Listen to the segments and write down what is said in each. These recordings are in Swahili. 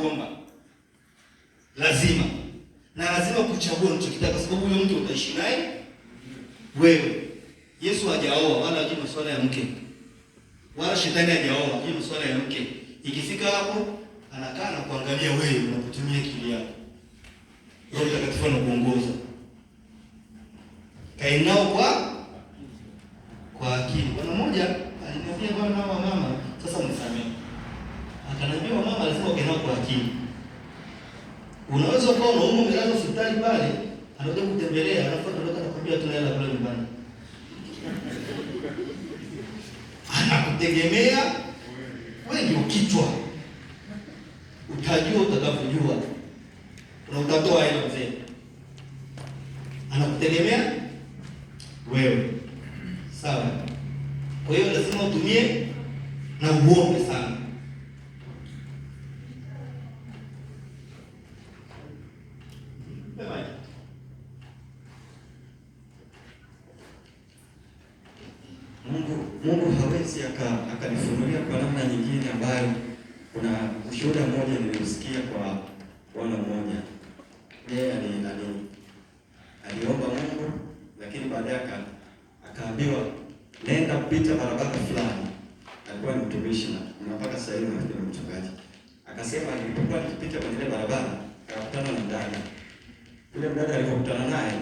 kuomba, lazima na lazima kuchagua unachokitaka, kwa sababu huyo mtu utaishi naye wewe. Yesu hajaoa wala hajui masuala ya mke, wala shetani hajaoa hajui masuala ya mke. Ikifika hapo, anakaa na kuangalia wewe unapotumia akili yako. Roho Mtakatifu anakuongoza, kainao kwa kwa akili. Bwana mmoja alinambia bwana wa mama anaambia mama lazima uke kwa akili. Unaweza ukawa unaumwa umelazwa hospitali pale, anaweza kutembelea, alafu anataka kukupia tuna hela kule nyumbani. Anakutegemea wewe ndio kichwa. Utajua utakavyojua. Na utatoa hela mzee. Anakutegemea wewe. Sawa. Kwa hiyo lazima utumie na uombe sana. Mwenyezi akanifunulia aka kwa namna nyingine ambayo kuna ushuhuda mmoja niliusikia kwa bwana mmoja. Yeye ali, ali, aliomba Mungu lakini baadaye aka- akaambiwa nenda kupita barabara fulani. Alikuwa ni mtumishi na mpaka sasa hivi ni mchungaji. Akasema nilipokuwa nikipita kwenye ile barabara akakutana na mdada. Yule mdada alipokutana naye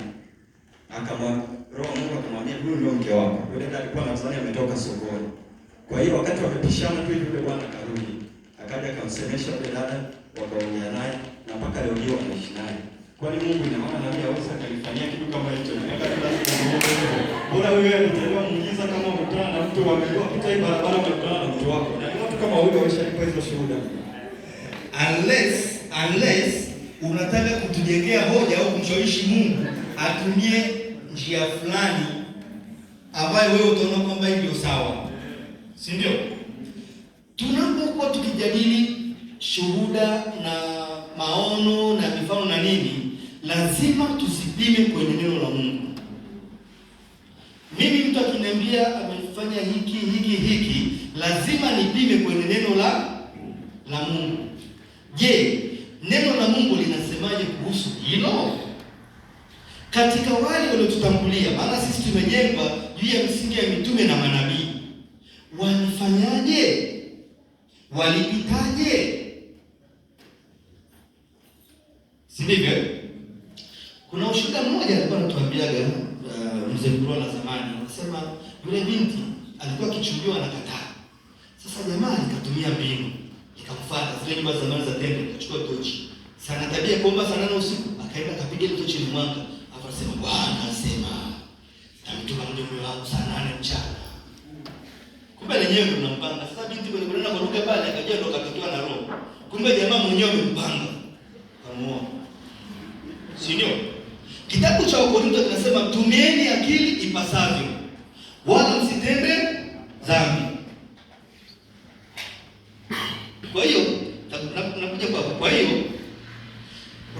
akamwambia, Roho Mungu akamwambia, huyu ndio mke wako. Yule dada alikuwa nadhani ametoka sokoni. Kwa hiyo wakati wamepishana tu yule bwana karudi, akaja akamsemesha yule dada, wakaongea naye na mpaka leo hiyo wanaishi naye. Kwa nini Mungu ina maana nani aweza akanifanyia kitu kama hicho? Bora wewe unatendwa muujiza kama umekutana na mtu wamepita hii barabara umekutana na mtu wako. Na watu kama huyo wameshalipa hizo shuhuda. Unless unless unataka kutujengea hoja au kumshawishi Mungu atumie njia fulani ambayo wewe utaona kwamba hiyo ndio si ndio? Tunapokuwa tukijadili shuhuda na maono na mifano na nini, lazima tusipime kwenye neno la Mungu. Mimi mtu akiniambia amefanya hiki hiki hiki, lazima nipime kwenye neno la la Mungu. Je, neno la Mungu linasemaje kuhusu hilo? Katika wale waliotutangulia, maana sisi tumejengwa juu ya msingi ya mitume na manabii walifanyaje? Walipitaje? si ndivyo? Kuna ushuhuda mmoja alikuwa anatuambiaga uh, mzee Mkurwana zamani, anasema yule binti alikuwa na anakataa. Sasa jamaa nikatumia mbinu, nikamfuata zile nyumba za zamani za tembe, nikachukua tochi sana tabia kuomba sana na usiku, akaenda akapiga tochi ni mwanga, akasema Bwana anasema, namtuma mjomba wangu saa nane mchana wenyewe tunampanga. Sasa binti kwenye kunena kwa ruka pale akaja ndo akatokewa na roho. Kumbe jamaa mwenyewe amempanga. Kamuoa. Si ndio? Kitabu cha Wakorintho kinasema tumieni akili ipasavyo, wala msitende dhambi. Kwa hiyo nakuja kwa kwa hiyo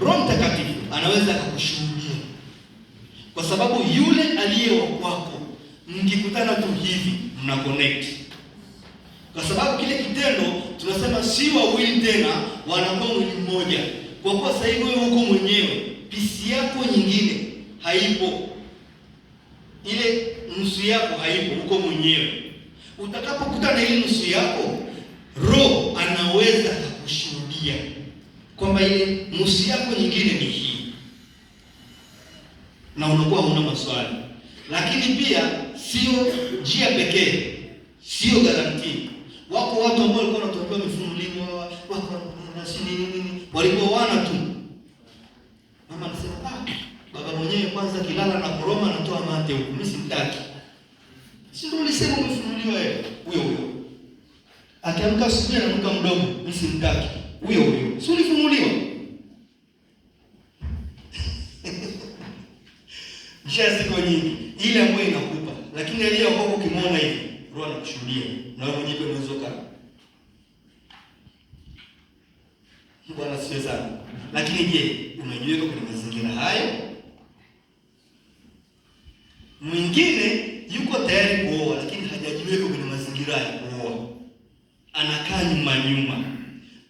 Roho Mtakatifu anaweza akakushuhudia, kwa sababu yule aliye wa mkikutana tu hivi mna connect kwa sababu kile kitendo tunasema si wawili tena, wanakuwa mwili mmoja, kwa kuwa sasa hivi wewe uko mwenyewe, pisi yako nyingine haipo, ile nusu yako haipo, uko mwenyewe. Utakapokuta na ile nusu yako, Roho anaweza kushuhudia kwamba ile nusu yako nyingine ni hii, na unakuwa huna maswali. Lakini pia sio njia pekee, sio garantii Wako watu ambao walikuwa wanatokea wamefunuliwa, wako na sini nini, walikuwa wana tu. Mama anasema ah, baba mwenyewe kwanza kilala na koroma anatoa mate huko, mimi simtaki. Si ndio ulisema umefunuliwa wewe? Huyo huyo. Akiamka asubuhi ananuka mdomo, mimi simtaki. Huyo huyo. Si ulifunuliwa? Njia ziko nyingi, ile ambayo inakupa, lakini aliyeokoka ukimwona hivi Roho anakushuhudia na wewe mwenyewe unaweza kana. Bwana sio sana. Lakini je, umejiweka kwenye mazingira hayo? Mwingine yuko tayari kuoa lakini hajajiweka kwenye mazingira ya kuoa. Anakaa nyuma nyuma.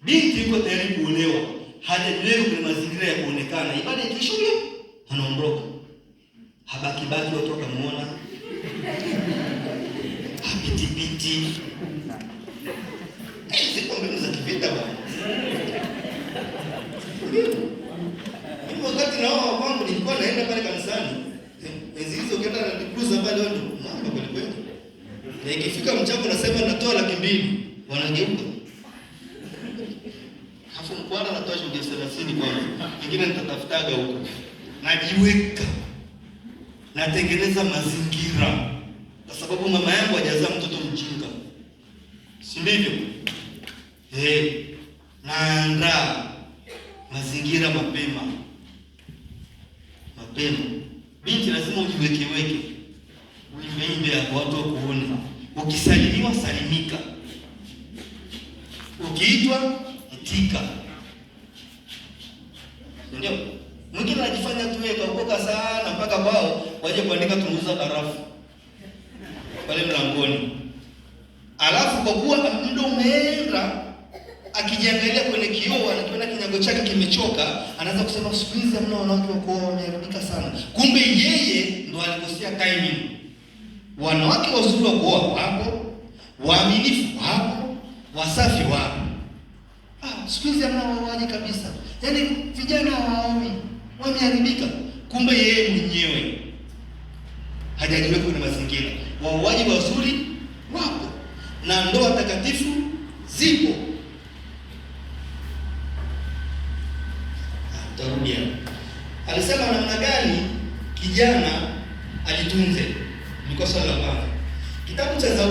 Binti yuko tayari kuolewa, hajajiweka kwenye mazingira ya kuonekana. Ibada ikisha huyo anaondoka. Habaki baki watu wakamuona kibitibiti siku mbinu za kivita wakati nilikuwa naenda pale kanisani. hizo eh, eh, ukienda na kuza pale watu mambo kweli kweli. Na ikifika mchango nasema natoa laki mbili wanageuka. Hafu mkwara natoa shilingi kwanza. nitatafutaga huko. Najiweka. Natengeneza mazingira kwa sababu mama yangu hajazaa mtoto mjinga, si ndivyo? Eh, naandaa mazingira mapema mapema. Binti lazima ujiwekeweke, uimbeimbe watu wakuone. Ukisalimiwa salimika, ukiitwa itika. Ndio mwingine anajifanya tuweka ukoka sana, mpaka bao waje kuandika tunguza barafu pale mlangoni, alafu kwa kuwa muda umeenda, akijiangalia kwenye kioo anakiona kinyago chake kimechoka, anaanza kusema siku hizi hamna wanawake wa wameharibika sana. Kumbe yeye ndo alikosea timing. Wanawake wazuri wa kuoa wapo, waaminifu wapo, wasafi wapo. Ah, siku hizi hamna waoaji kabisa, yaani vijana hawaomi, wameharibika. Kumbe yeye mwenyewe hajajiweka kwenye mazingira wauaji wazuri wapo na ndoa takatifu zipo. Ah, Tarudia, alisema namna gani kijana ajitunze, ni swala la kwanza. Kitabu cha